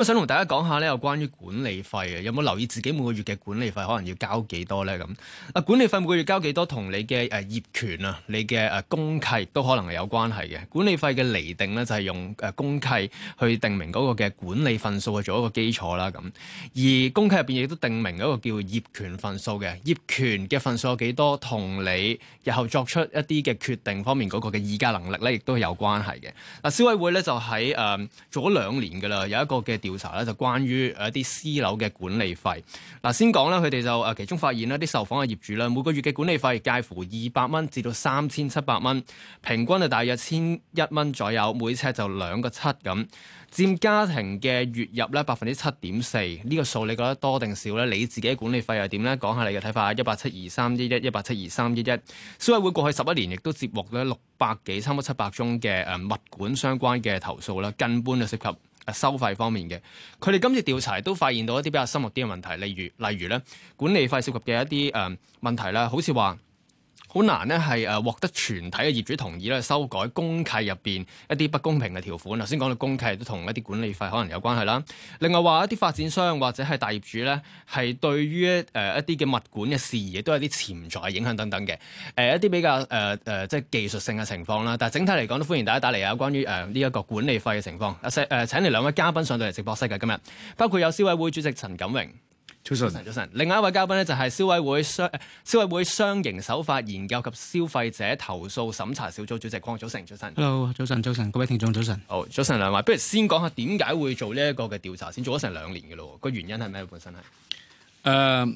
都想同大家講下呢，有關於管理費嘅，有冇留意自己每個月嘅管理費可能要交幾多呢？咁啊，管理費每個月交幾多，同你嘅誒、呃、業權啊、你嘅誒、呃、公契都可能係有關係嘅。管理費嘅釐定呢，就係、是、用誒、呃、公契去定明嗰個嘅管理份數，去做一個基礎啦。咁而公契入邊亦都定明嗰個叫業權份數嘅業權嘅份數有幾多，同你日後作出一啲嘅決定方面嗰、那個嘅議價能力呢，亦都係有關係嘅。嗱、呃，消委會呢，就喺誒、呃、做咗兩年噶啦，有一個嘅調查咧就關於誒一啲私樓嘅管理費。嗱，先講啦，佢哋就誒其中發現咧，啲受訪嘅業主咧，每個月嘅管理費介乎二百蚊至到三千七百蚊，平均就大約千一蚊左右，每尺就兩個七咁，佔家庭嘅月入咧百分之七點四。呢個數你覺得多定少咧？你自己管理費又點咧？講下你嘅睇法。一八七二三一一一八七二三一一。消委會過去十一年亦都接獲咧六百幾差唔多七百宗嘅誒物管相關嘅投訴啦，根本就涉及收費方面嘅，佢哋今次調查都發現到一啲比較深入啲嘅問題，例如例如咧管理費涉及嘅一啲誒、呃、問題啦，好似話。好難咧，係、啊、誒獲得全體嘅業主同意咧，修改公契入邊一啲不公平嘅條款。頭先講到公契都同一啲管理費可能有關係啦。另外話一啲發展商或者係大業主咧，係對於誒、呃、一啲嘅物管嘅事宜都有啲潛在影響等等嘅誒、呃、一啲比較誒誒、呃呃、即係技術性嘅情況啦。但係整體嚟講都歡迎大家打嚟啊，關於誒呢一個管理費嘅情況。誒、呃、請嚟兩位嘉賓上到嚟直播室嘅今日，包括有消委會主席陳錦榮。早晨，早晨，早晨。另外一位嘉賓咧就係消委會消消委會商營手法研究及消費者投訴審查小組主席鄺祖盛，早晨。早晨早晨 Hello，早晨，早晨。各位聽眾，早晨。好，早晨兩位，不如先講下點解會做呢一個嘅調查，先做咗成兩年嘅咯。個原因係咩？本身係誒、呃，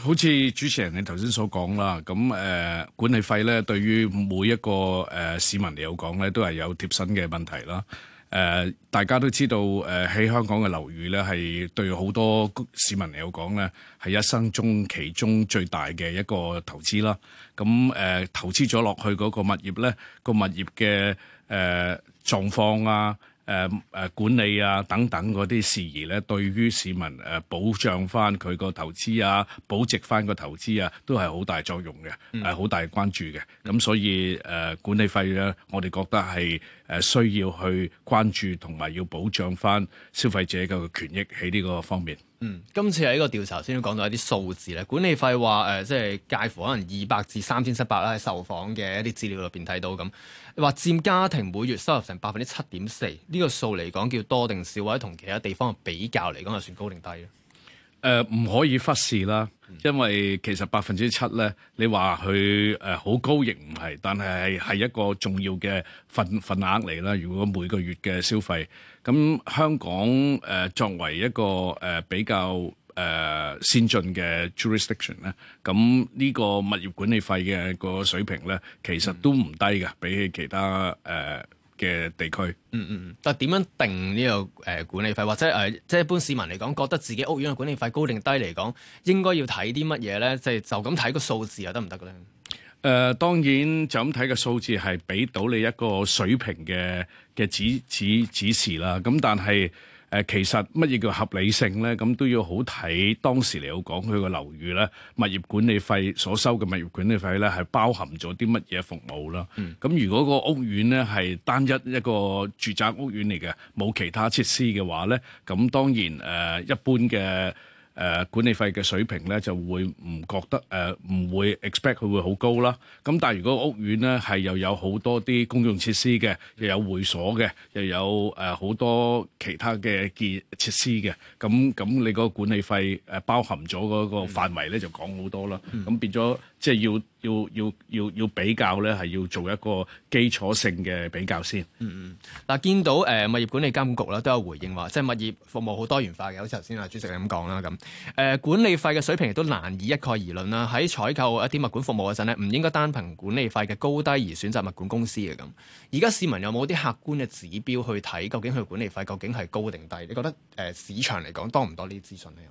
好似主持人你頭先所講啦，咁誒、呃、管理費咧，對於每一個誒、呃、市民嚟講咧，都係有貼身嘅問題啦。誒、呃，大家都知道，誒、呃、喺香港嘅樓宇咧，係對好多市民嚟講咧，係一生中其中最大嘅一個投資啦。咁、嗯、誒、呃，投資咗落去嗰個物業咧，個物業嘅誒狀況啊。誒誒、呃呃、管理啊等等嗰啲事宜咧，對於市民誒、呃、保障翻佢個投資啊，保值翻個投資啊，都係好大作用嘅，係好大關注嘅。咁、呃、所以誒、呃、管理費咧，我哋覺得係誒、呃、需要去關注同埋要保障翻消費者嘅權益喺呢個方面。嗯，今次喺個調查先都講到一啲數字咧，管理費話誒，即、呃、係、就是、介乎可能二百至三千七百啦，喺受訪嘅一啲資料入邊睇到咁，你話佔家庭每月收入成百分之七點四，呢、這個數嚟講叫多定少，或者同其他地方嘅比較嚟講就算高定低咧？誒、呃，唔可以忽視啦，因為其實百分之七咧，你話佢誒好高亦唔係，但係係一個重要嘅份份額嚟啦。如果每個月嘅消費。咁香港誒作為一個誒比較誒先進嘅 jurisdiction 咧，咁呢個物業管理費嘅個水平咧，其實都唔低㗎，嗯、比起其他誒嘅地區。嗯嗯，但係點樣定呢個誒管理費，或者誒即係一般市民嚟講，覺得自己屋苑嘅管理費高定低嚟講，應該要睇啲乜嘢咧？即係就咁、是、睇個數字啊，得唔得咧？誒、呃，當然就咁睇個數字係俾到你一個水平嘅。嘅指指指示啦，咁但係誒、呃、其實乜嘢叫合理性咧？咁都要好睇當時嚟到講佢個樓宇咧，物業管理費所收嘅物業管理費咧，係包含咗啲乜嘢服務啦。咁、嗯、如果個屋苑咧係單一一個住宅屋苑嚟嘅，冇其他設施嘅話咧，咁當然誒、呃、一般嘅。誒、呃、管理費嘅水平咧，就會唔覺得誒唔、呃、會 expect 佢會好高啦。咁但係如果屋苑咧係又有好多啲公用設施嘅，又有會所嘅，又有誒好、呃、多其他嘅建設施嘅，咁咁你嗰個管理費誒包含咗嗰個範圍咧，就講好多啦。咁變咗即係要，要要要要比較咧，係要做一個基礎性嘅比較先。嗯嗯，嗱、嗯，見到誒、呃、物業管理監管局咧都有回應話，即係物業服務好多元化嘅，好似頭先阿主席你咁講啦咁。誒、呃、管理費嘅水平亦都難以一概而論啦。喺採購一啲物管服務嗰陣咧，唔應該單憑管理費嘅高低而選擇物管公司嘅咁。而家市民有冇啲客觀嘅指標去睇究竟佢管理費究竟係高定低？你覺得誒、呃、市場嚟講多唔多呢啲資訊咧？誒、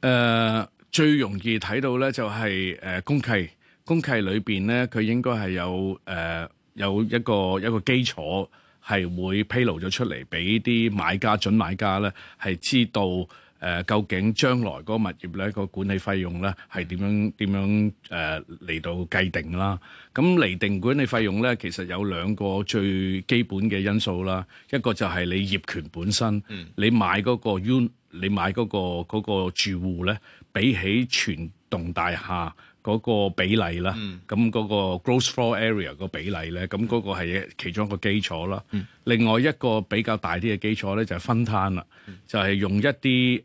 呃、最容易睇到咧就係、是、誒、呃、公契。公契裏邊咧，佢應該係有誒、呃、有一個一個基礎，係會披露咗出嚟俾啲買家、準買家咧，係知道誒、呃、究竟將來嗰個物業咧個管理費用咧係點樣點、嗯、樣誒嚟、呃、到計定啦。咁嚟定管理費用咧，其實有兩個最基本嘅因素啦，一個就係你業權本身，嗯、你買嗰、那個 unit 你買嗰、那個那個住戶咧，比起全棟大廈。嗰個比例啦，咁嗰、嗯、個 gross floor area 個比例咧，咁嗰個係其中一個基礎啦。嗯、另外一個比較大啲嘅基礎咧，就係分攤啦，嗯、就係用一啲誒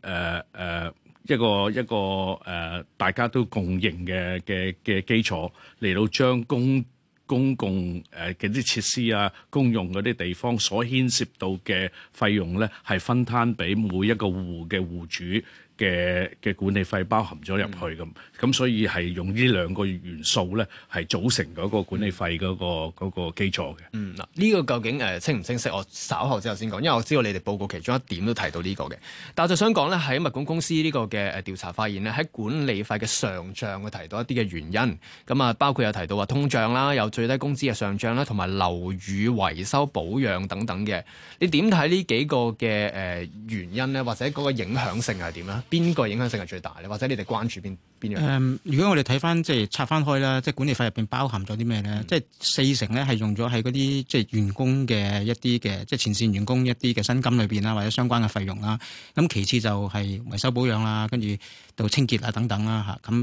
誒一個一個誒、呃、大家都共認嘅嘅嘅基礎，嚟到將公公共誒嘅啲設施啊、公用嗰啲地方所牽涉到嘅費用咧，係分攤俾每一個戶嘅戶主。嘅嘅管理費包含咗入去咁，咁、嗯、所以係用呢兩個元素咧，係組成嗰個管理費嗰、嗰個嗰個基礎嘅。嗯，嗱、這、呢個究竟誒清唔清晰？我稍後之後先講，因為我知道你哋報告其中一點都提到呢、這個嘅。但係就想講咧，喺物管公司呢個嘅調查發現咧，喺管理費嘅上漲，會提到一啲嘅原因，咁啊包括有提到話通脹啦，有最低工資嘅上漲啦，同埋樓宇維修保養等等嘅。你點睇呢幾個嘅誒原因咧，或者嗰個影響性係點咧？邊個影響性係最大咧？或者你哋關注邊邊樣？誒、嗯，如果我哋睇翻即係拆翻開啦，即係管理費入邊包含咗啲咩咧？即係四成咧係用咗喺嗰啲即係員工嘅一啲嘅即係前線員工一啲嘅薪金裏邊啦，或者相關嘅費用啦。咁其次就係維修保養啦，跟住到清潔啊等等啦嚇。咁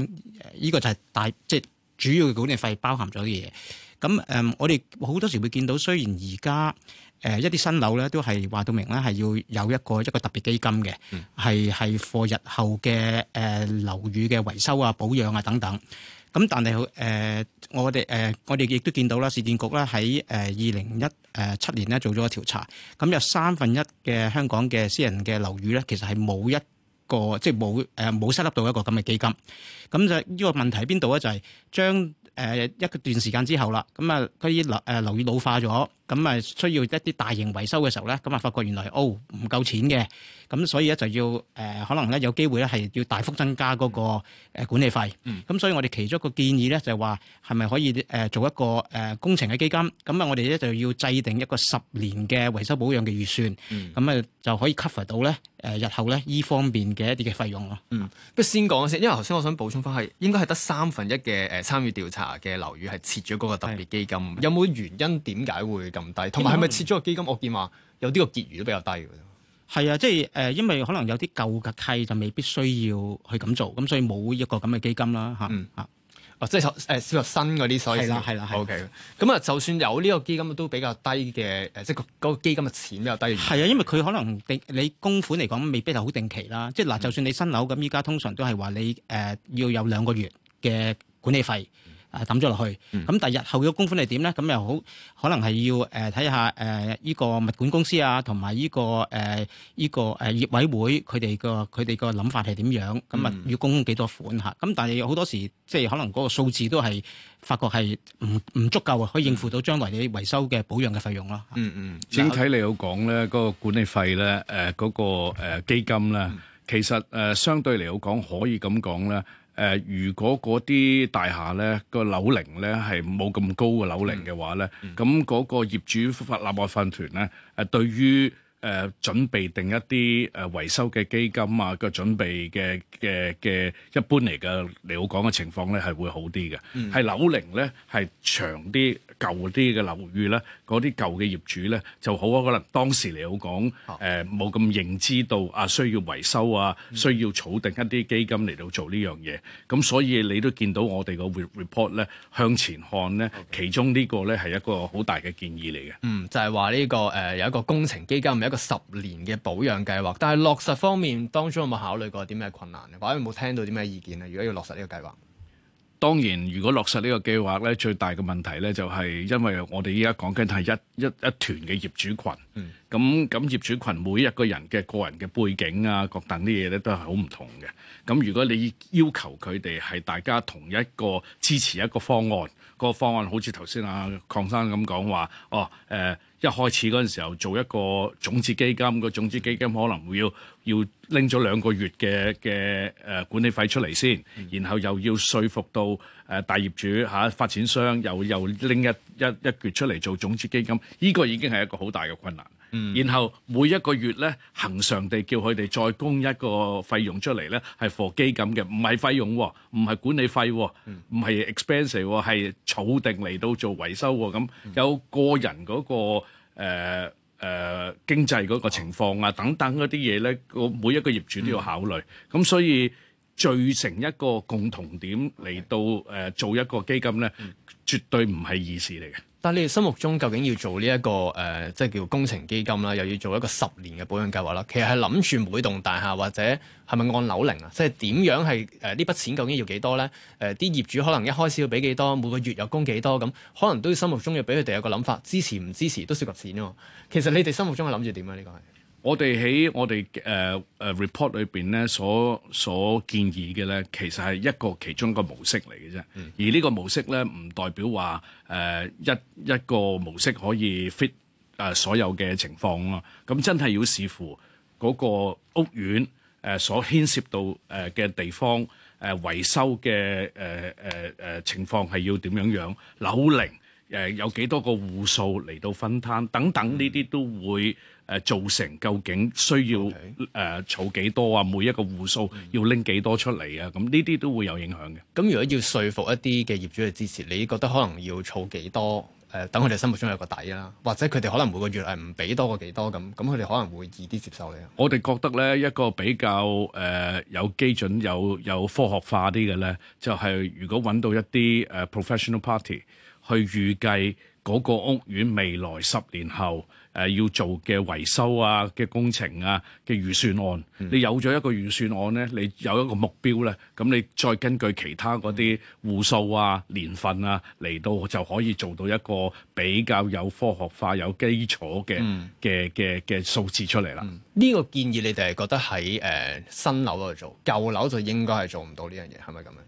呢個就係大即係主要嘅管理費包含咗啲嘢。咁誒、嗯，我哋好多時會見到，雖然而家。誒一啲新樓咧，都係話到明啦，係要有一個一個特別基金嘅，係係 for 日後嘅誒、呃、樓宇嘅維修啊、保養啊等等。咁但係誒、呃、我哋誒、呃、我哋亦都見到啦，市建局咧喺誒二零一誒七年咧做咗個調查，咁、呃、有三分一嘅香港嘅私人嘅樓宇咧，其實係冇一個即係冇誒冇收得到一個咁嘅基金。咁就呢個問題喺邊度咧？就係、是、將誒、呃、一段時間之後啦，咁啊佢樓誒樓宇老化咗。咁啊需要一啲大型維修嘅時候咧，咁啊發覺原來哦唔夠錢嘅，咁所以咧就要誒、呃、可能咧有機會咧係要大幅增加嗰個誒管理費，嗯。咁所以我哋其中一個建議咧，就係話，係咪可以誒做一個誒工程嘅基金？咁啊我哋咧就要制定一個十年嘅維修保養嘅預算。嗯。咁啊就可以 cover 到咧誒日後咧依方面嘅一啲嘅費用咯。嗯。不如先講先，因為頭先我想補充翻係應該係得三分一嘅誒參與調查嘅樓宇係設咗嗰個特別基金，有冇原因點解會。咁低，同埋係咪設咗個基金？我見話有啲個結餘都比較低嘅。係啊，即係誒、呃，因為可能有啲舊嘅契就未必需要去咁做，咁所以冇一個咁嘅基金啦，嚇嚇、嗯。啊、哦，即係誒設立新嗰啲，所以係啦係啦。OK。咁啊，啊啊 okay。就算有呢個基金都比較低嘅誒，即係個嗰個基金嘅錢比較低。係啊，因為佢可能定你供款嚟講未必係好定期啦。即係嗱，就算你新樓咁，依家通常都係話你誒、呃、要有兩個月嘅管理費。誒抌咗落去，咁但係日後嘅供款係點咧？咁又好可能係要誒睇下誒依個物管公司啊，同埋依個誒依個誒業委會佢哋個佢哋個諗法係點樣？咁啊、嗯、要供幾多款嚇？咁但係好多時即係可能嗰個數字都係發覺係唔唔足夠啊，可以應付到將來你維修嘅保養嘅費用咯、嗯。嗯嗯，整體嚟講咧，嗰個管理費咧，誒嗰個基金咧，嗯、其實誒相對嚟講可以咁講咧。誒、呃，如果嗰啲大廈咧、嗰個樓齡咧係冇咁高嘅樓齡嘅話咧，咁嗰、嗯、個業主立案法團咧，誒、呃、對於誒、呃、準備定一啲誒維修嘅基金啊，個準備嘅嘅嘅一般嚟嘅嚟講嘅情況咧係會好啲嘅，係樓齡咧係長啲舊啲嘅樓宇咧。嗰啲舊嘅業主咧，就好可能當時嚟好講誒，冇咁認知到啊，需要維修啊、嗯、需要儲定一啲基金嚟到做呢樣嘢，咁所以你都見到我哋個 report 咧向前看咧，Okay. 其中呢個咧係一個好大嘅建議嚟嘅。嗯，就係話呢個誒、呃、有一個工程基金，係一個十年嘅保養計劃。但係落實方面當中有冇考慮過啲咩困難咧？或者有冇聽到啲咩意見咧？如果要落實呢個計劃？當然，如果落實呢個計劃咧，最大嘅問題咧就係因為我哋依家講緊係一一一團嘅業主羣。嗯。咁咁業主群每一個人嘅個人嘅背景啊等等，各等啲嘢咧都係好唔同嘅。咁如果你要求佢哋係大家同一個支持一個方案，個方案好似頭、啊、先啊，鄺生咁講話哦誒，一開始嗰陣時候做一個種子基金，個種子基金可能會要要拎咗兩個月嘅嘅誒管理費出嚟先，然後又要說服到誒大業主吓發展商，又又拎一一一攰出嚟做種子基金，呢、這個已經係一個好大嘅困難。然後每一個月咧，恆常地叫佢哋再供一個費用出嚟咧，係貨基金嘅，唔係費用，唔係管理費，唔係 expensive，係儲定嚟到做維修咁。有個人嗰個誒誒經濟嗰個情況啊，等等嗰啲嘢咧，個每一個業主都要考慮。咁所以聚成一個共同點嚟到誒做一個基金咧，絕對唔係易事嚟嘅。但係你哋心目中究竟要做呢、這、一個誒、呃，即係叫工程基金啦，又要做一個十年嘅保養計劃啦。其實係諗住每棟大廈或者係咪按樓齡啊，即係點樣係誒呢筆錢究竟要幾多咧？誒、呃、啲業主可能一開始要俾幾多，每個月又供幾多，咁可能都心目中要俾佢哋有個諗法，支持唔支持都涉及錢啊。其實你哋心目中係諗住點啊？呢、這個係。我哋喺我哋誒誒 report 裏邊咧，所所建議嘅咧，其實係一個其中一個模式嚟嘅啫。而呢個模式咧，唔代表話誒、呃、一一個模式可以 fit 誒、呃、所有嘅情況咯。咁、啊、真係要視乎嗰個屋苑誒、呃、所牽涉到誒嘅地方誒、呃、維修嘅誒誒誒情況係要點樣樣樓齡誒有幾多個戶數嚟到分攤等等呢啲都會。誒、呃、造成究竟需要誒儲幾多啊？每一個戶數要拎幾多出嚟啊？咁呢啲都會有影響嘅。咁如果要說服一啲嘅業主去支持，你覺得可能要儲幾多？誒等佢哋心目中有個底啦，或者佢哋可能每個月係唔俾多過幾多咁，咁佢哋可能會易啲接受你。我哋覺得咧一個比較誒、呃、有基準、有有科學化啲嘅咧，就係、是、如果揾到一啲誒、呃、professional party 去預計嗰個屋苑未來十年後。誒、呃、要做嘅維修啊、嘅工程啊、嘅預算案，嗯、你有咗一個預算案咧，你有一個目標咧，咁你再根據其他嗰啲戶數啊、嗯、年份啊嚟到，就可以做到一個比較有科學化、有基礎嘅嘅嘅嘅數字出嚟啦。呢、嗯這個建議你哋係覺得喺誒、呃、新樓度做，舊樓就應該係做唔到呢樣嘢，係咪咁樣？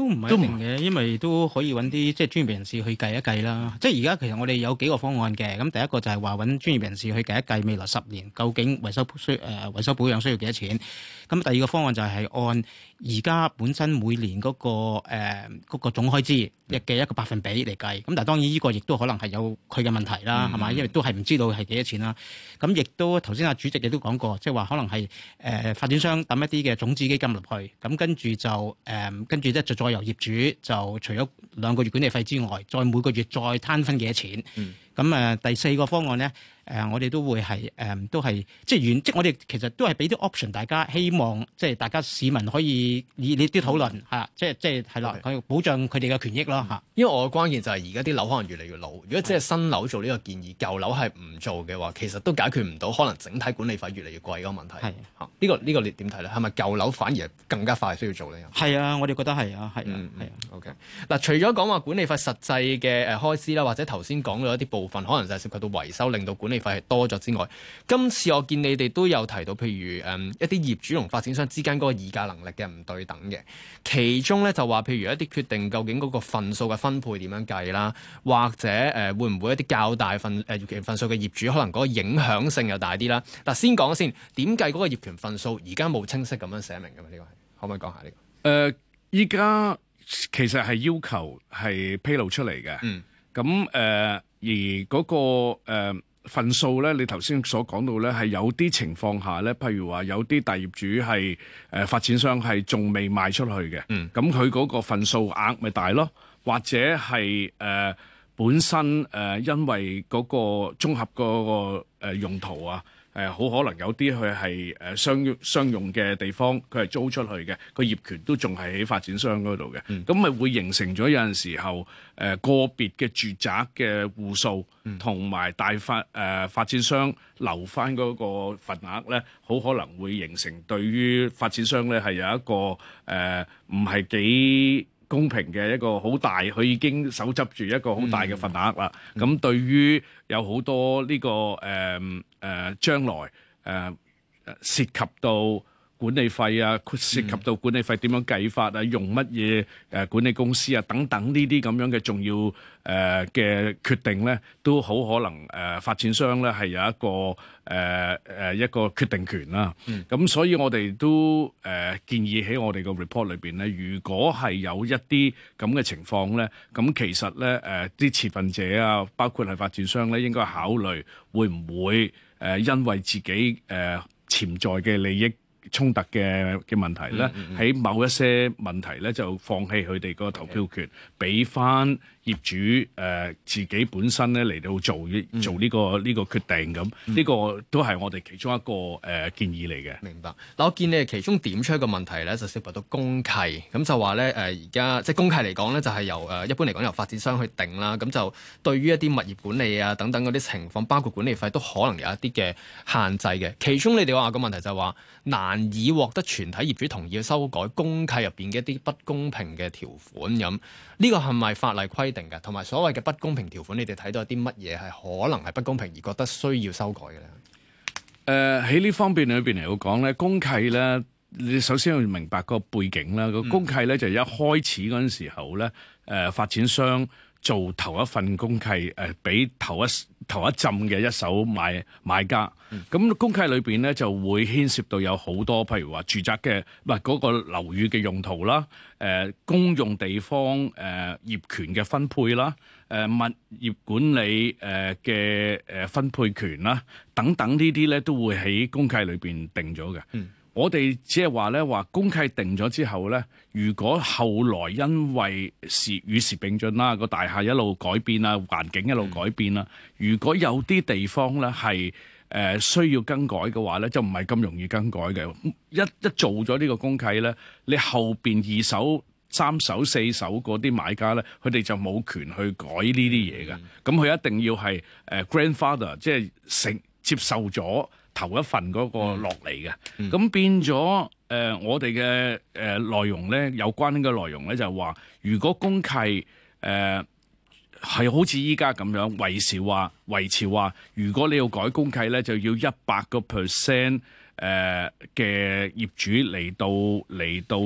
都唔一定嘅，因為都可以揾啲即係專業人士去計一計啦。即係而家其實我哋有幾個方案嘅。咁第一個就係話，揾專業人士去計一計未來十年究竟維修需誒維修保養需要幾多錢。咁第二個方案就係按而家本身每年嗰、那個誒嗰、呃那個總開支亦嘅一個百分比嚟計。咁但係當然呢個亦都可能係有佢嘅問題啦，係嘛、嗯。因為都係唔知道係幾多錢啦。咁亦都頭先阿主席亦都講過，即係話可能係誒、呃、發展商抌一啲嘅種子基金落去。咁跟住就誒跟住咧就，就，就再。由業主就除咗兩個月管理費之外，再每個月再攤分幾多錢。嗯，咁誒，第四個方案咧。誒、呃，我哋都會係誒、呃，都係即係原即係我哋其實都係俾啲 option，大家希望即係大家市民可以熱烈啲討論嚇，即係即係係啦，保障佢哋嘅權益咯嚇、啊。因為我嘅關鍵就係而家啲樓可能越嚟越老，如果只係新樓做呢個建議，舊樓係唔做嘅話，其實都解決唔到可能整體管理費越嚟越貴嗰個問題。呢、啊這個呢、這個你點睇咧？係咪舊樓反而更加快需要做咧？係啊，我哋覺得係啊，係啊，係、嗯、啊。OK，嗱、啊，啊嗯啊、除咗講話管理費實際嘅誒開支啦，或者頭先講咗一啲部分，可能就涉及到維修，令到管理。係多咗之外，今次我見你哋都有提到，譬如誒、嗯、一啲業主同發展商之間嗰個議價能力嘅唔對等嘅，其中咧就話譬如一啲決定究竟嗰個份數嘅分配點樣計啦，或者誒、呃、會唔會一啲較大份誒業權份數嘅業主可能嗰個影響性又大啲啦？嗱，先講先，點計嗰個業權份數？而家冇清晰咁樣寫明噶嘛？呢、這個係可唔可以講下呢、這個？誒、呃，依家其實係要求係披露出嚟嘅，嗯，咁誒、呃、而嗰、那個誒。呃份數咧，你頭先所講到咧，係有啲情況下咧，譬如話有啲大業主係誒、呃、發展商係仲未賣出去嘅，嗯，咁佢嗰個份數額咪大咯，或者係誒、呃、本身誒、呃、因為嗰個綜合嗰個誒用途啊。誒好、呃、可能有啲佢係誒商用商用嘅地方，佢係租出去嘅，個業權都仲係喺發展商嗰度嘅，咁咪、嗯、會形成咗有陣時候誒、呃、個別嘅住宅嘅戶數，同埋大發誒、呃、發展商留翻嗰個份額咧，好可能會形成對於發展商咧係有一個誒唔係幾公平嘅一個好大，佢已經手執住一個好大嘅份額啦。咁、嗯嗯嗯、對於有好多呢、呢個誒。呃誒將來誒涉及到管理費啊，涉及到管理費點樣計法啊，用乜嘢誒管理公司啊，等等呢啲咁樣嘅重要誒嘅決定咧，都好可能誒發展商咧係有一個誒誒一個決定權啦。咁所以我哋都誒建議喺我哋個 report 裏邊咧，如果係有一啲咁嘅情況咧，咁其實咧誒啲持份者啊，包括係發展商咧，應該考慮會唔會誒、呃，因為自己誒、呃、潛在嘅利益衝突嘅嘅問題咧，喺、嗯嗯嗯、某一些問題咧就放棄佢哋個投票權，俾翻、嗯。業主誒自己本身咧嚟到做做呢個呢個決定咁，呢、嗯呢個都係我哋其中一個誒建議嚟嘅。明白。嗱，我見你其中點出一個問題咧，就涉及到公契咁就話咧誒，而、呃、家即係公契嚟講咧，就係由誒一般嚟講由發展商去定啦。咁就對於一啲物業管理啊等等嗰啲情況，包括管理費都可能有一啲嘅限制嘅。其中你哋話個問題就話、係、難以獲得全體業主同意去修改公契入邊嘅一啲不公平嘅條款咁。呢個係咪法例規定？同埋所謂嘅不公平條款，你哋睇到有啲乜嘢係可能係不公平而覺得需要修改嘅咧？誒、呃，喺呢方面裏邊嚟講咧，公契咧，你首先要明白個背景啦。個公契咧就係、一開始嗰陣時候咧，誒、呃、發展商做頭一份公契，誒，俾頭一頭一浸嘅一手買買家。咁、嗯、公契裏邊咧就會牽涉到有好多，譬如話住宅嘅，唔係嗰個樓宇嘅用途啦，誒、呃、公用地方誒、呃、業權嘅分配啦，誒、呃、物業管理誒嘅誒分配權啦，等等呢啲咧都會喺公契裏邊定咗嘅。嗯我哋只係話咧話公契定咗之後咧，如果後來因為時與時並進啦，個大廈一路改變啦，環境一路改變啦，嗯、如果有啲地方咧係誒需要更改嘅話咧，就唔係咁容易更改嘅。一一做咗呢個公契咧，你後邊二手、三手、四手嗰啲買家咧，佢哋就冇權去改呢啲嘢嘅。咁佢、嗯、一定要係誒 grandfather，即係承接受咗。頭一份嗰個落嚟嘅，咁、嗯、變咗誒、呃、我哋嘅誒內容咧，有關嘅內容咧就係、是、話，如果公契誒係、呃、好似依家咁樣維持話，維持話，如果你要改公契咧，就要一百個 percent 誒嘅業主嚟到嚟到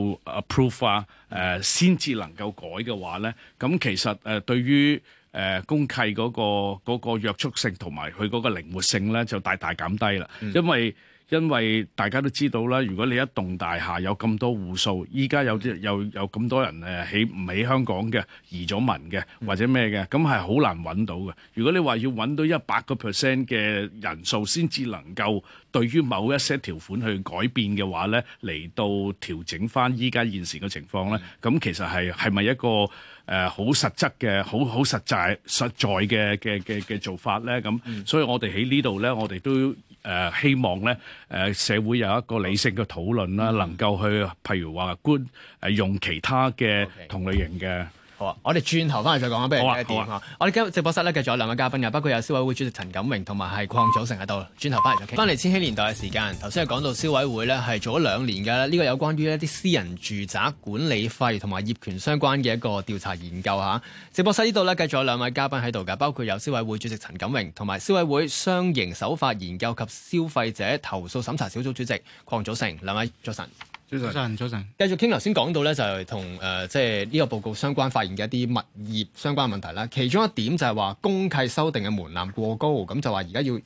approve 啊，誒先至能夠改嘅話咧，咁其實誒、呃、對於，誒、呃、公契嗰、嗰個嗰約、嗰個、束性同埋佢嗰個靈活性咧，就大大減低啦。嗯、因為因為大家都知道啦，如果你一棟大廈有咁多戶數，依家有啲有有咁多人誒、啊、起唔起香港嘅移咗民嘅或者咩嘅，咁係好難揾到嘅。如果你話要揾到一百個 percent 嘅人數先至能夠對於某一些條款去改變嘅話咧，嚟到調整翻依家現時嘅情況咧，咁其實係係咪一個？誒好、呃、實質嘅，好好實在、實在嘅嘅嘅嘅做法咧，咁，嗯、所以我哋喺呢度咧，我哋都誒、呃、希望咧，誒、呃、社會有一個理性嘅討論啦，嗯、能夠去，譬如話觀誒用其他嘅同類型嘅。嗯嗯好啊，我哋轉頭翻嚟再講啊，不如睇下點。我哋今日直播室咧，繼續有兩位嘉賓嘅，包括有消委會主席陳錦榮同埋係鄺祖盛喺度。轉頭翻嚟再傾，翻嚟千禧年代嘅時間，頭先係講到消委會咧係做咗兩年嘅呢、呢個有關於一啲私人住宅管理費同埋業權相關嘅一個調查研究嚇、啊。直播室呢度咧，繼續有兩位嘉賓喺度嘅，包括有消委會主席陳錦榮同埋消委會商營手法研究及消費者投訴審查小組主席鄺祖盛，兩位早晨。早晨，早晨。繼續傾頭先講到咧，就係同誒即係呢個報告相關發現嘅一啲物業相關問題啦。其中一點就係話公契修訂嘅門檻過高，咁就話而家要誒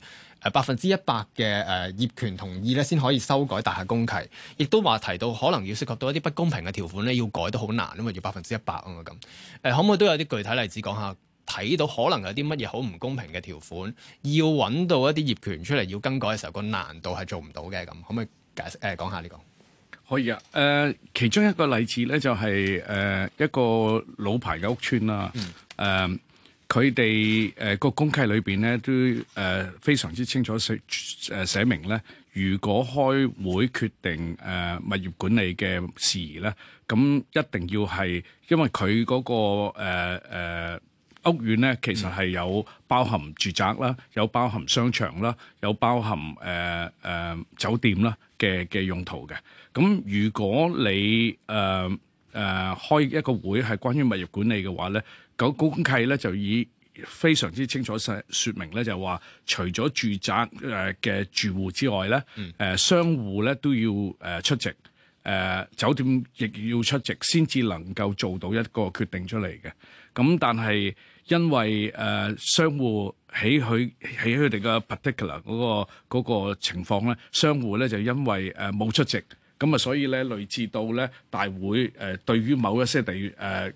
百分之一百嘅誒業權同意咧，先可以修改大廈公契。亦都話提到可能要涉及到一啲不公平嘅條款咧，要改都好難，因為要百分之一百啊嘛咁。誒，可唔可以都有啲具體例子講下？睇到可能有啲乜嘢好唔公平嘅條款，要揾到一啲業權出嚟要更改嘅時候，個難度係做唔到嘅咁。可唔可以解釋誒講下呢個？可以啊，誒、呃，其中一個例子咧，就係、是、誒、呃、一個老牌嘅屋村啦，誒、嗯，佢哋誒個公契裏邊咧，都誒、呃、非常之清楚寫誒、呃、寫明咧，如果開會決定誒、呃、物業管理嘅事宜咧，咁一定要係，因為佢嗰、那個誒、呃呃屋苑咧，其實係有包含住宅啦，有包含商場啦，有包含誒誒、呃呃、酒店啦嘅嘅用途嘅。咁如果你誒誒、呃呃、開一個會係關於物業管理嘅話咧，個公契咧就以非常之清楚說明咧，就係話除咗住宅誒嘅住戶之外咧，誒、嗯呃、商戶咧都要誒出席，誒、呃、酒店亦要出席，先至能夠做到一個決定出嚟嘅。咁但係因為誒商戶喺佢喺佢哋嘅 particular 嗰、個嗰個情況咧，商戶咧就因為誒冇、呃、出席，咁啊所以咧類似到咧大會誒、呃、對於某一些地誒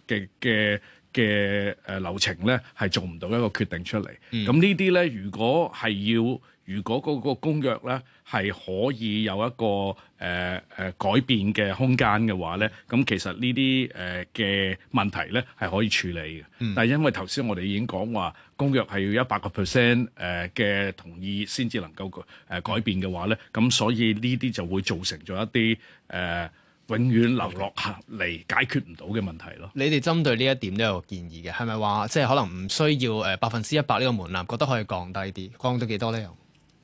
嘅嘅嘅誒流程咧係做唔到一個決定出嚟。咁、嗯、呢啲咧如果係要。如果嗰個公約咧係可以有一個誒誒、呃、改變嘅空間嘅話咧，咁其實呢啲誒嘅問題咧係可以處理嘅。嗯、但係因為頭先我哋已經講話公約係要一百個 percent 誒嘅同意先至能夠誒改變嘅話咧，咁、嗯、所以呢啲就會造成咗一啲誒、呃、永遠流落嚟解決唔到嘅問題咯。嗯、你哋針對呢一點都有個建議嘅，係咪話即係可能唔需要誒百分之一百呢個門檻，覺得可以降低啲，降到幾多咧？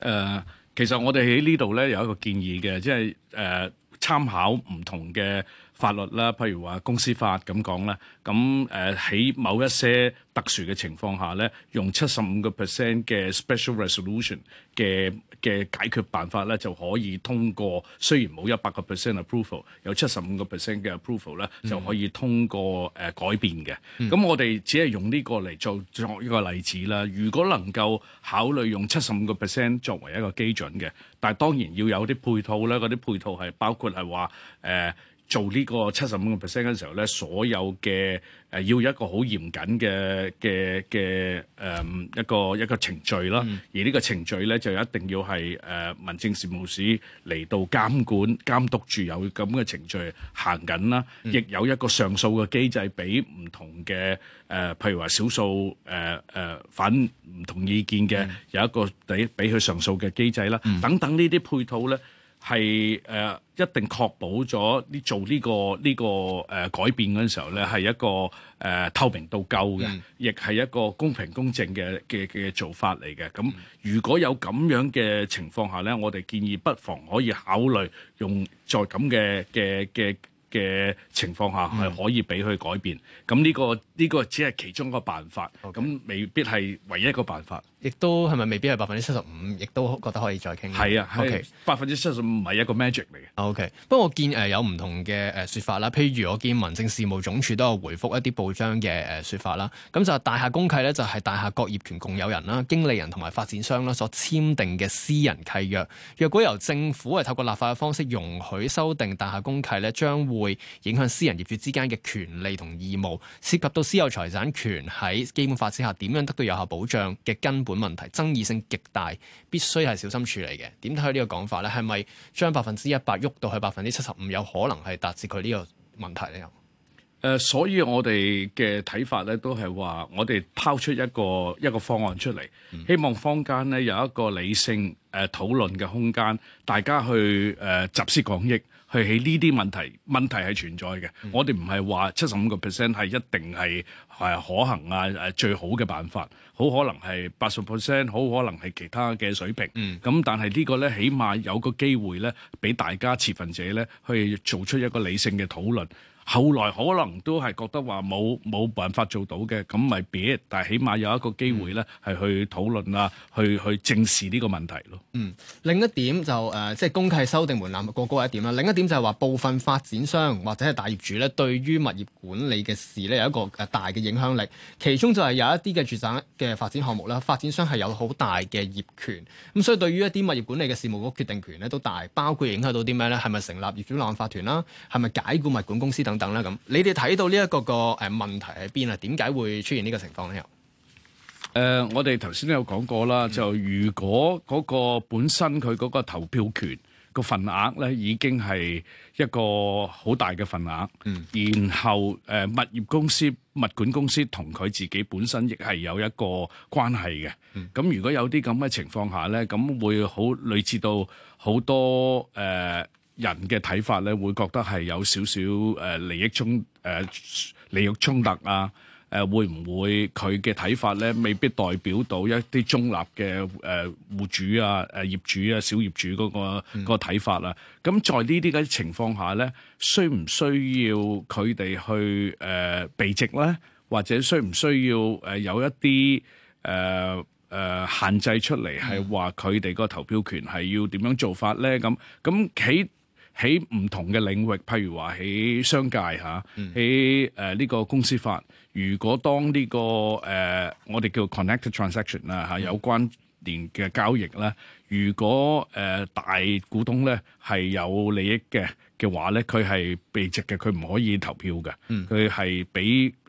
誒、呃，其實我哋喺呢度咧有一個建議嘅，即係誒參考唔同嘅法律啦，譬如話公司法咁講啦，咁誒喺某一些特殊嘅情況下咧，用七十五個 percent 嘅 special resolution 嘅嘅解決辦法咧，就可以通過雖然冇一百個 percent approval，有七十五個 percent 嘅 approval 咧，就可以通過誒改變嘅。咁、嗯、我哋只係用呢個嚟做作呢個例子啦。如果能夠考慮用七十五個 percent 作為一個基準嘅，但係當然要有啲配套咧。嗰啲配套係包括係話誒。呃做呢個七十五個 percent 嘅時候咧，所有嘅誒要有一個好嚴謹嘅嘅嘅誒一個一個程序啦，而呢個程序咧就一定要係誒民政事務司嚟到監管監督住有咁嘅程序行緊啦，亦有一個上訴嘅機制俾唔同嘅誒，譬如話少數誒誒反唔同意見嘅有一個俾俾佢上訴嘅機制啦，等等呢啲配套咧。係誒、呃、一定確保咗呢做呢、呢個呢、呢個誒、呃、改變嗰陣時候咧係一個誒、呃、透明度夠嘅，亦係一個公平公正嘅嘅嘅做法嚟嘅。咁如果有咁樣嘅情況下咧，我哋建議不妨可以考慮用在咁嘅嘅嘅嘅情況下係可以俾佢改變。咁呢、嗯呢個。呢個只係其中一個辦法，咁 Okay. 未必係唯一一個辦法，亦都係咪未必係百分之七十五？亦都覺得可以再傾。係啊，係百分之七十五唔係一個 magic 嚟嘅。OK，不過我見誒有唔同嘅説法啦，譬如我見民政事務總署都有回覆一啲報章嘅説法啦。咁就大廈公契呢，就係大廈各業權共有人啦、經理人同埋發展商啦所簽訂嘅私人契約。若果由政府係透過立法嘅方式容許修訂大廈公契呢，將會影響私人業主之間嘅權利同義務，涉及到。私有財產權喺基本法之下點樣得到有效保障嘅根本問題，爭議性極大，必須係小心處理嘅。點睇佢呢個講法呢？係咪將百分之一百喐到去百分之七十五，有可能係達至佢呢個問題呢？誒、呃，所以我哋嘅睇法呢，都係話我哋拋出一個一個方案出嚟，希望坊間呢有一個理性誒、呃、討論嘅空間，大家去誒、呃、集思廣益。係喺呢啲問題，問題係存在嘅。嗯、我哋唔係話七十五個 percent 係一定係係可行啊，誒最好嘅辦法，好可能係八十 percent，好可能係其他嘅水平。咁、嗯、但係呢個咧，起碼有個機會咧，俾大家持份者咧，去做出一個理性嘅討論。後來可能都係覺得話冇冇辦法做到嘅，咁咪別。但係起碼有一個機會咧，係去討論啊，嗯、去去正視呢個問題咯。嗯，另一點就誒，即、呃、係、就是、公契修訂門檻過高一點啦。另一點就係話部分發展商或者係大業主咧，對於物業管理嘅事咧有一個大嘅影響力。其中就係有一啲嘅住宅嘅發展項目啦，發展商係有好大嘅業權，咁所以對於一啲物業管理嘅事務嗰決定權咧都大，包括影響到啲咩咧？係咪成立業主立案法團啦？係咪解僱物管公司等？等啦咁，你哋睇到呢一個個誒問題喺邊啊？點解會出現呢個情況咧？又誒，我哋頭先都有講過啦，就如果嗰個本身佢嗰個投票權個份額咧，已經係一個好大嘅份額，嗯，然後誒物業公司、物管公司同佢自己本身亦係有一個關係嘅，嗯，咁如果有啲噉嘅情況下咧，噉會好類似到好多誒。人嘅睇法咧，會覺得係有少少誒利益衝誒、呃、利益衝突啊！誒、呃、會唔會佢嘅睇法咧，未必代表到一啲中立嘅誒、呃、戶主啊、誒業主啊、小業主嗰個嗰個睇法啊？咁、嗯、在呢啲嘅情況下咧，需唔需要佢哋去誒避職咧？或者需唔需要誒有一啲誒誒限制出嚟，係話佢哋嗰個投票權係要點樣做法咧？咁咁企。嗯喺唔同嘅領域，譬如話喺商界嚇，喺誒呢個公司法，如果當呢、這個誒、呃、我哋叫 connected transaction 啦、啊、嚇有關聯嘅交易咧，如果誒、呃、大股東咧係有利益嘅嘅話咧，佢係避席嘅，佢唔可以投票嘅，佢係俾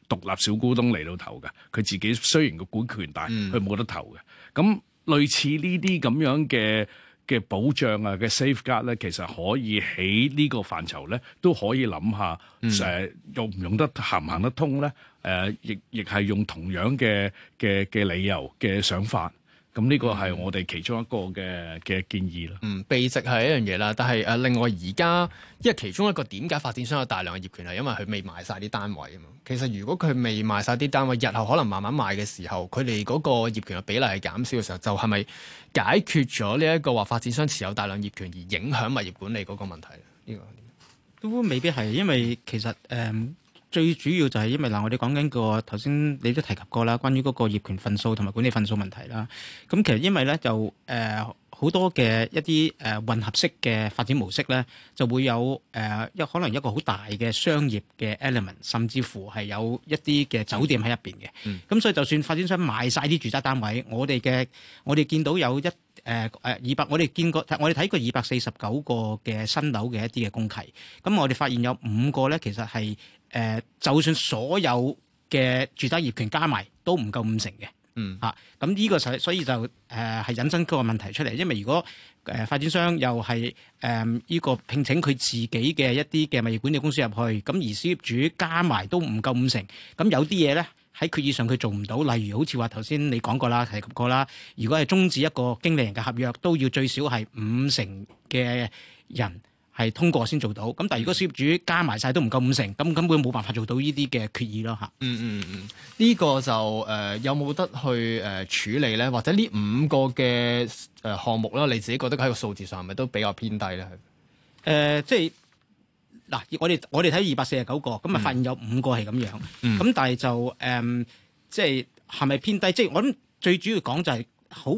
獨立小股東嚟到投嘅，佢自己雖然個股權，但係佢冇得投嘅。咁、嗯、類似呢啲咁樣嘅。嘅保障啊，嘅 safe guard 咧，其實可以喺呢個範疇咧，都可以諗下誒、嗯啊、用唔用得行唔行得通咧？誒、呃、亦亦係用同樣嘅嘅嘅理由嘅想法。咁呢個係我哋其中一個嘅嘅建議啦。嗯，避席係一樣嘢啦，但係誒另外而家，因為其中一個點解發展商有大量嘅業權係因為佢未賣晒啲單位啊嘛。其實如果佢未賣晒啲單位，日後可能慢慢賣嘅時候，佢哋嗰個業權嘅比例係減少嘅時候，就係咪解決咗呢一個話發展商持有大量業權而影響物業管理嗰個問題？呢個都未必係，因為其實誒。呃最主要就係因為嗱，我哋講緊個頭先，你都提及過啦，關於嗰個業權份數同埋管理份數問題啦。咁其實因為咧就誒呃、好多嘅一啲誒混合式嘅發展模式咧，就會有誒一、呃、可能一個好大嘅商業嘅 element，甚至乎係有一啲嘅酒店喺入邊嘅。咁、嗯、所以就算發展商賣晒啲住宅單位，我哋嘅我哋見到有一。誒誒二百，200, 我哋見過，我哋睇過二百四十九個嘅新樓嘅一啲嘅公契，咁我哋發現有五個咧，其實係誒、呃，就算所有嘅住宅業權加埋都唔夠五成嘅，嗯嚇，咁呢、啊這個實，所以就誒係、呃、引申個問題出嚟，因為如果誒發展商又係誒呢個聘請佢自己嘅一啲嘅物業管理公司入去，咁而事業主加埋都唔夠五成，咁有啲嘢咧。喺決議上佢做唔到，例如好似話頭先你講過啦，提及過啦。如果係終止一個經理人嘅合約，都要最少係五成嘅人係通過先做到。咁但係如果小業主加埋晒都唔夠五成，咁根本冇辦法做到呢啲嘅決議咯吓、嗯，嗯嗯嗯，呢、這個就誒、呃、有冇得去誒、呃、處理咧？或者呢五個嘅誒項目啦，你自己覺得喺個數字上係咪都比較偏低咧？誒、呃，即係。嗱，我哋我哋睇二百四十九個，咁啊發現有五個係咁樣，咁、嗯、但係就誒，即係係咪偏低？即、就、係、是、我諗最主要講就係好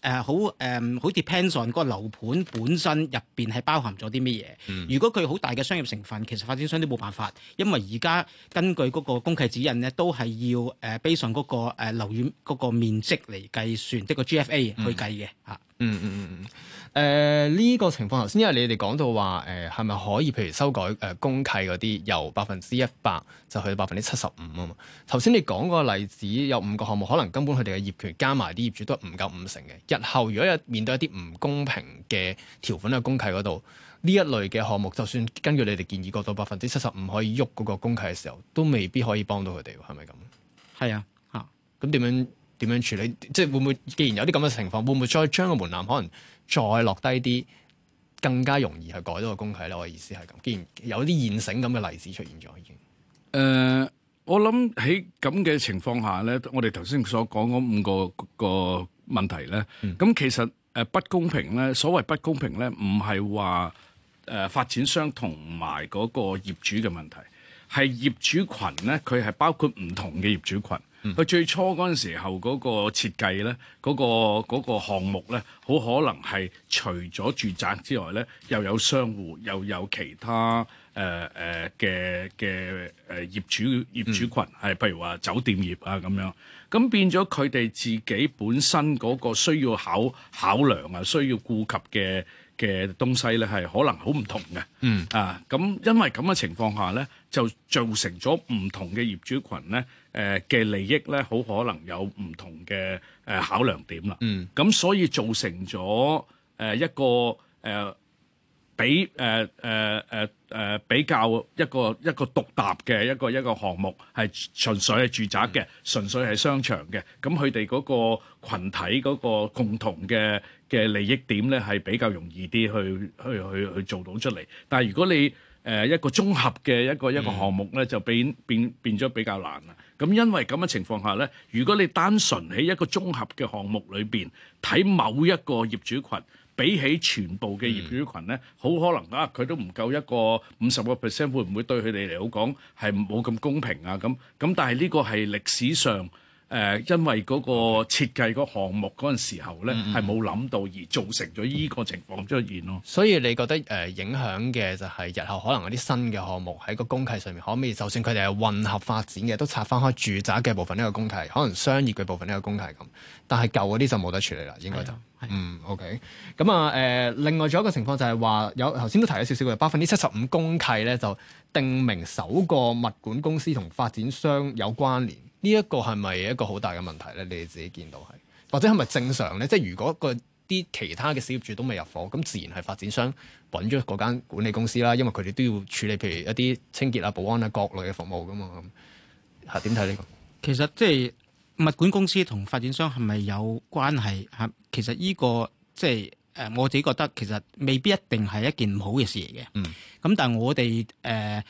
誒好誒好 depend on 個樓盤本身入邊係包含咗啲乜嘢。嗯、如果佢好大嘅商業成分，其實發展商都冇辦法，因為而家根據嗰個供氣指引咧，都係要誒 base on 嗰個誒樓遠嗰個面積嚟計算，即、就、個、是、GFA 去計嘅嚇。嗯嗯嗯嗯嗯嗯，誒、呃、呢、這個情況頭先因為你哋講到話誒係咪可以譬如修改誒、呃、公契嗰啲由百分之一百就去到百分之七十五啊嘛，頭先你講個例子有五個項目可能根本佢哋嘅業權加埋啲業主都唔夠五成嘅，日後如果有面對一啲唔公平嘅條款嘅公契嗰度，呢一類嘅項目就算根據你哋建議過到百分之七十五可以喐嗰個公契嘅時候，都未必可以幫到佢哋喎，係咪咁？係啊，嚇、啊，咁點樣？點樣處理？即係會唔會？既然有啲咁嘅情況，會唔會再將個門檻可能再落低啲，更加容易去改到個公契咧？我嘅意思係咁。既然有啲現成咁嘅例子出現咗，已經。誒，我諗喺咁嘅情況下咧，我哋頭先所講嗰五個個問題咧，咁、嗯、其實誒不公平咧，所謂不公平咧，唔係話誒發展商同埋嗰個業主嘅問題，係業主群咧，佢係包括唔同嘅業主群。佢最初嗰陣時候嗰個設計咧，嗰個嗰個項目咧，好可能係除咗住宅之外咧，又有商戶，又有其他誒誒嘅嘅誒業主業主群，係、嗯、譬如話酒店業啊咁樣，咁變咗佢哋自己本身嗰個需要考考量啊，需要顧及嘅。嘅東西咧係可能好唔同嘅，嗯啊咁，因為咁嘅情況下咧，就造成咗唔同嘅業主群咧，誒、呃、嘅利益咧，好可能有唔同嘅誒、呃、考量點啦，嗯，咁所以造成咗誒、呃、一個誒比誒誒誒誒比較一個一個獨立嘅一個一個項目係純粹係住宅嘅，嗯、純粹係商場嘅，咁佢哋嗰個羣體嗰個共同嘅嘅利益點咧係比較容易啲去去去去做到出嚟，但係如果你誒、呃、一個綜合嘅一個一個項目咧，就變變變咗比較難啦。咁因為咁嘅情況下咧，如果你單純喺一個綜合嘅項目裏邊睇某一個業主群，比起全部嘅業主群咧，好可能啊佢都唔夠一個五十個 percent，會唔會對佢哋嚟講，係冇咁公平啊？咁咁但係呢個係歷史上。誒、呃，因為嗰個設計嗰項目嗰陣時候咧，係冇諗到而造成咗依個情況出現咯。所以你覺得誒、呃、影響嘅就係日後可能有啲新嘅項目喺個公契上面，可唔可以就算佢哋係混合發展嘅，都拆翻開住宅嘅部分呢個公契，可能商業嘅部分呢個公契咁。但係舊嗰啲就冇得處理啦，的應該就的嗯 OK。咁啊誒，另外仲有一個情況就係話有頭先都提咗少少嘅，百分之七十五公契咧就定明首個物管公司同發展商有關聯。呢一個係咪一個好大嘅問題咧？你哋自己見到係，或者係咪正常咧？即係如果個啲其他嘅小業主都未入伙，咁自然係發展商揾咗嗰間管理公司啦，因為佢哋都要處理譬如一啲清潔啊、保安啊各類嘅服務噶嘛。咁嚇點睇呢個？其實即係物管公司同發展商係咪有關係嚇？其實呢個即係誒，我自己覺得其實未必一定係一件唔好嘅事嚟嘅。嗯。咁但係我哋誒。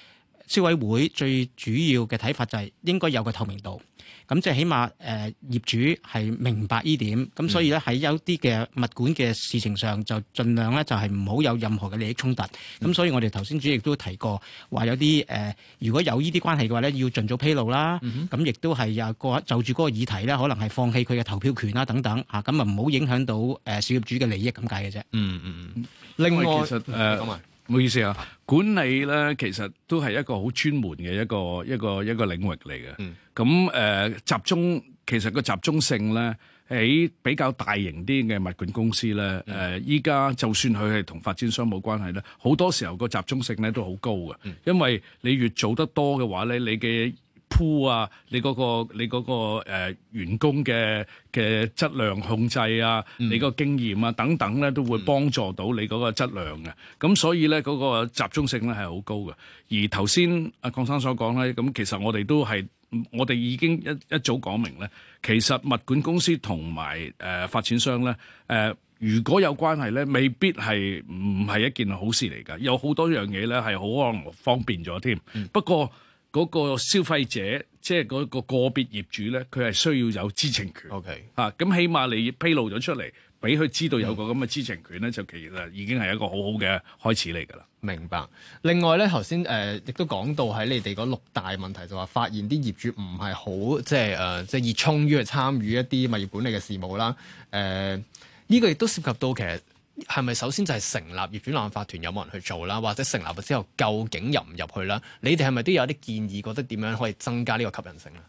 消委會最主要嘅睇法就係應該有個透明度，咁即係起碼誒、呃、業主係明白呢點，咁所以咧喺、嗯、有啲嘅物管嘅事情上就盡量咧就係唔好有任何嘅利益衝突，咁所以我哋頭先主席都提過話有啲誒、呃、如果有呢啲關係嘅話咧，要盡早披露啦，咁亦、嗯、哼都係有個就住嗰個議題咧，可能係放棄佢嘅投票權啦等等，嚇咁啊唔好影響到誒小、呃、業主嘅利益咁解嘅啫。嗯嗯嗯，另外誒。其實 uh, 唔好意思啊，管理咧，其實都係一個好專門嘅一個一個一個領域嚟嘅。咁誒、嗯嗯、集中，其實個集中性咧，喺比較大型啲嘅物管公司咧，誒依家就算佢係同發展商冇關係咧，好多時候個集中性咧都好高嘅，因為你越做得多嘅話咧，你嘅鋪啊，你嗰個你嗰個誒員工嘅嘅質量控制啊，你個經驗啊等等咧，都會幫助到你嗰個質量嘅。咁所以咧，嗰個集中性咧係好高嘅。而頭先阿鄺生所講咧，咁其實我哋都係，我哋已經一一早講明咧，其實物管公司同埋誒發展商咧，誒如果有關係咧，未必係唔係一件好事嚟噶。有好多樣嘢咧係好可能方便咗添。不過。嗰個消費者，即係嗰個個別業主咧，佢係需要有知情權。OK，嚇、啊，咁起碼你披露咗出嚟，俾佢知道有個咁嘅知情權咧，mm. 就其實已經係一個好好嘅開始嚟㗎啦。明白。另外咧，頭先誒亦都講到喺你哋嗰六大問題，就話發現啲業主唔係好即係誒，即係、呃、熱衷於去參與一啲物業管理嘅事務啦。誒、呃，呢、呢個亦都涉及到其實。係咪首先就係成立業主立案法團有冇人去做啦？或者成立咗之後究竟入唔入去啦？你哋係咪都有啲建議？覺得點樣可以增加呢個吸引性咧？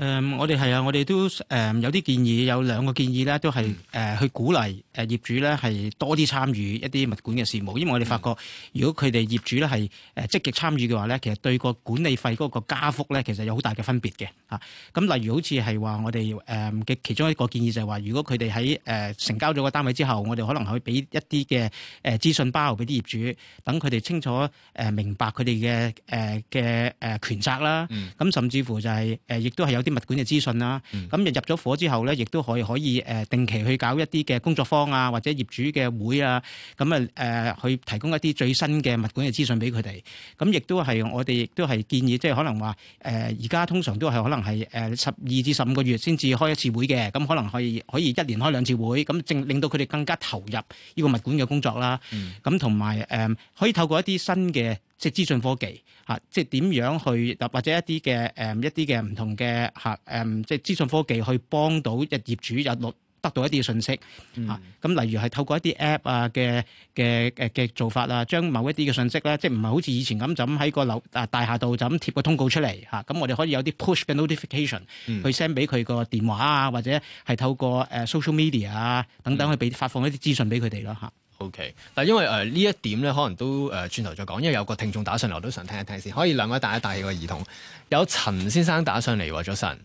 誒，我哋係啊，我哋都誒有啲建議，有兩個建議咧，都係誒去鼓勵誒業主咧，係多啲參與一啲物管嘅事務。因為我哋發覺，如果佢哋業主咧係誒積極參與嘅話咧，其實對個管理費嗰個加幅咧，其實有好大嘅分別嘅嚇。咁例如好似係話，我哋誒嘅其中一個建議就係話，如果佢哋喺誒成交咗個單位之後，我哋可能可以俾一啲嘅誒資訊包俾啲業主，等佢哋清楚誒明白佢哋嘅誒嘅誒權責啦。咁甚至乎就係誒，亦都係有啲。物管嘅資訊啦，咁入咗伙之後呢，亦都可以可以誒定期去搞一啲嘅工作坊啊，或者業主嘅會啊，咁啊誒去提供一啲最新嘅物管嘅資訊俾佢哋。咁亦都係我哋亦都係建議，即係可能話誒而家通常都係可能係誒十二至十五個月先至開一次會嘅，咁可能可以可以一年開兩次會，咁正令到佢哋更加投入呢個物管嘅工作啦。咁同埋誒可以透過一啲新嘅。即係資訊科技嚇，即係點樣去，或者一啲嘅誒一啲嘅唔同嘅嚇誒，即係資訊科技去幫到一業主有得得到一啲嘅信息嚇。咁、嗯啊、例如係透過一啲 app 啊嘅嘅嘅嘅做法啊，將某一啲嘅信息咧，即係唔係好似以前咁就喺個樓啊大廈度就咁貼個通告出嚟嚇。咁、啊、我哋可以有啲 push 嘅 notification、嗯、去 send 俾佢個電話啊，或者係透過誒 social media 啊等等去俾發放一啲資訊俾佢哋咯嚇。啊。O.K. 嗱，因為誒呢、呃、一點咧，可能都誒轉、呃、頭再講，因為有個聽眾打上嚟，我都想聽一聽先。可以兩位戴一戴個耳筒。有陳先生打上嚟，餵，早晨。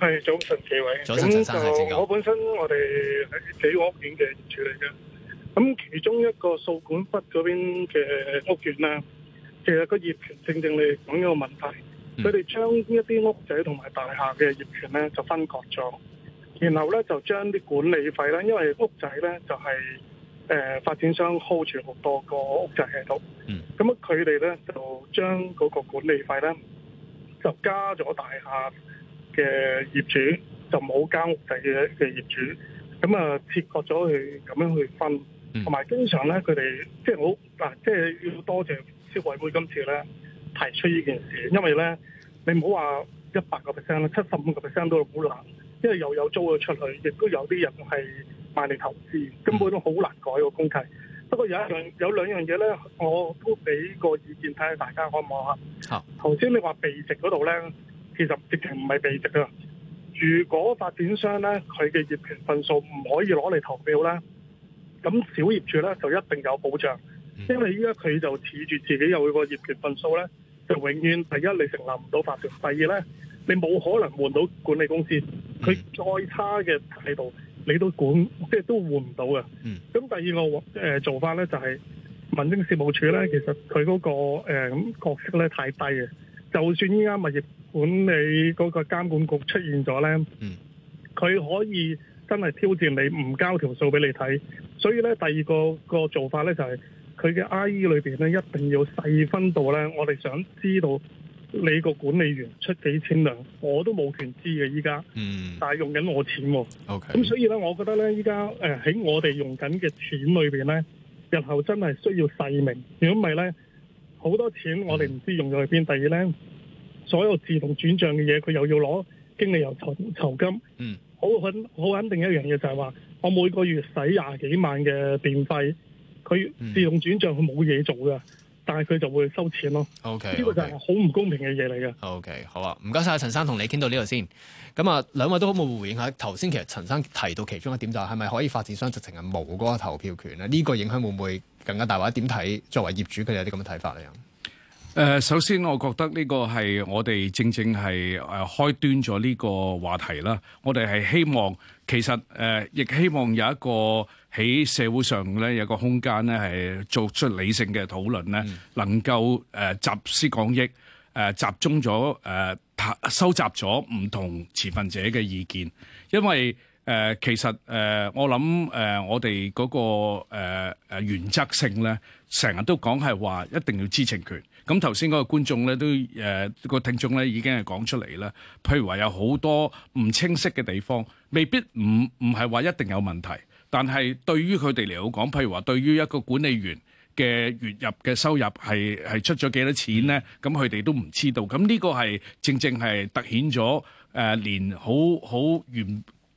係早晨，幾位？早晨，早晨陳先生係正嘅。就先說 我本身我哋係幾個屋苑嘅處理嘅。咁、嗯、其中一個掃管部嗰邊嘅屋苑啦，其實個業權正正嚟講一個問題，佢哋將一啲屋仔同埋大廈嘅業權咧就分割咗，然後咧就將啲管理費咧，因為屋仔咧就係、是。誒、呃、發展商 hold 住好多個屋仔喺度，咁啊佢哋咧就將嗰個管理費咧就加咗大廈嘅業主，就冇交屋仔嘅嘅業主，咁啊切割咗去咁樣去分，同埋、mm. 經常咧佢哋即係好嗱，即係要多謝消委會今次咧提出呢件事，因為咧你唔好話一百個 percent 咧，七十五個 percent 都好難，因為又有租咗出去，亦都有啲人係。買嚟投資根本都好難改個公契，不過有一樣有兩樣嘢呢，我都俾個意見睇下大家可唔可以？頭先 你話避值嗰度呢，其實直情唔係避值啊！如果發展商呢，佢嘅業權份數唔可以攞嚟投票咧，咁小業主呢就一定有保障，因為依家佢就恃住自己有個業權份數呢，就永遠第一你成立唔到發票，第二呢，你冇可能換到管理公司，佢再差嘅態度。你都管，即係都換唔到嘅。咁、嗯、第二個誒、呃、做法咧，就係、是、民政事務處咧，其實佢嗰、那個、呃、角色咧太低嘅。就算依家物業管理嗰個監管局出現咗咧，佢、嗯、可以真係挑戰你，唔交條數俾你睇。所以咧，第二個個做法咧，就係佢嘅 I E 裏邊咧，一定要細分到咧，我哋想知道。你個管理員出幾千兩，我都冇權知嘅依家。嗯，但係用緊我錢喎。O K。咁所以咧，我覺得咧，依家誒喺我哋用緊嘅錢裏邊咧，日後真係需要細明。如果唔係咧，好多錢我哋唔知用咗去邊。第二咧，所有自動轉帳嘅嘢，佢又要攞經理由酬酬金。嗯。好肯好肯定一樣嘢就係話，我每個月使廿幾萬嘅電費，佢自動轉帳佢冇嘢做㗎。但係佢就會收錢咯。OK，呢 okay. 個就係好唔公平嘅嘢嚟嘅。OK，好啊，唔該晒，陳生，同你傾到呢度先。咁啊，兩位都好冇回應下頭先，其實陳生提到其中一點，就係，就係係咪可以發展商直情係冇嗰個投票權咧？呢、呢個影響會唔會更加大？或者點睇？作為業主，佢哋有啲咁嘅睇法咧？誒，首先我覺得呢個係我哋正正係誒開端咗呢個話題啦。我哋係希望，其實誒、呃、亦希望有一個。喺社會上咧，有個空間咧，係做出理性嘅討論咧，能夠誒、呃、集思廣益，誒、呃、集中咗誒、呃、收集咗唔同持份者嘅意見，因為誒、呃、其實誒、呃、我諗誒、呃、我哋嗰、嗰個誒、呃、原則性咧，成日都講係話一定要知情權。咁頭先嗰個觀眾咧，都誒個、呃、聽眾咧已經係講出嚟啦。譬如話有好多唔清晰嘅地方，未必唔唔係話一定有問題。但係對於佢哋嚟講，譬如話對於一個管理員嘅月入嘅收入係係出咗幾多錢呢？咁佢哋都唔知道。咁呢個係正正係突顯咗誒，連好好原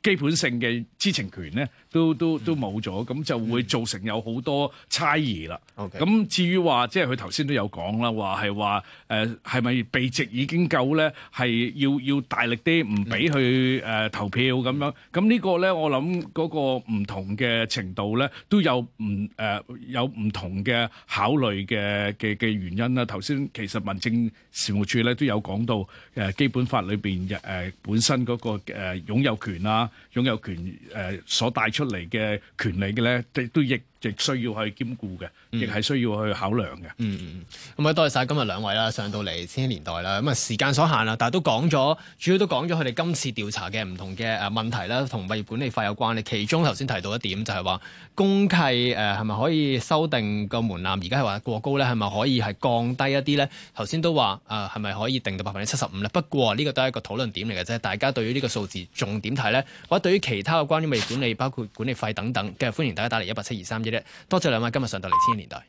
基本性嘅知情權呢。都都都冇咗，咁就會造成有好多猜疑啦。OK 咁至於話即係佢頭先都有講啦，話係話誒係咪被籍已經夠咧，係要要大力啲唔俾佢誒投票咁樣，咁呢個咧，我諗嗰個唔同嘅程度咧，都有唔誒、呃、有唔同嘅考慮嘅嘅嘅原因啦。頭先其實民政事務處咧都有講到誒、呃、基本法裏邊誒、呃、本身、嗰個誒擁、呃、有權啊，擁有權誒、呃、所帶出。嚟嘅權利嘅咧，即係都亦 亦需要去兼顧嘅，亦係需要去考量嘅、嗯。嗯嗯咁啊，多謝晒今日兩位啦。上到嚟千禧年代啦，咁啊，時間所限啦，但係都講咗，主要都講咗佢哋今次調查嘅唔同嘅誒問題啦，同物業管理費有關。其中頭先提到一點就係話公契誒係咪可以修訂個門檻？而家係話過高咧，係咪可以係降低一啲咧？頭先都話誒係咪可以定到百分之七十五咧？不過呢、這個都係一個討論點嚟嘅啫。大家對於呢個數字重點睇咧？或者對於其他嘅關於物業管理，包括管理費等等，嘅歡迎大家打嚟一八七二三一。多謝兩位，今日上到嚟千年代。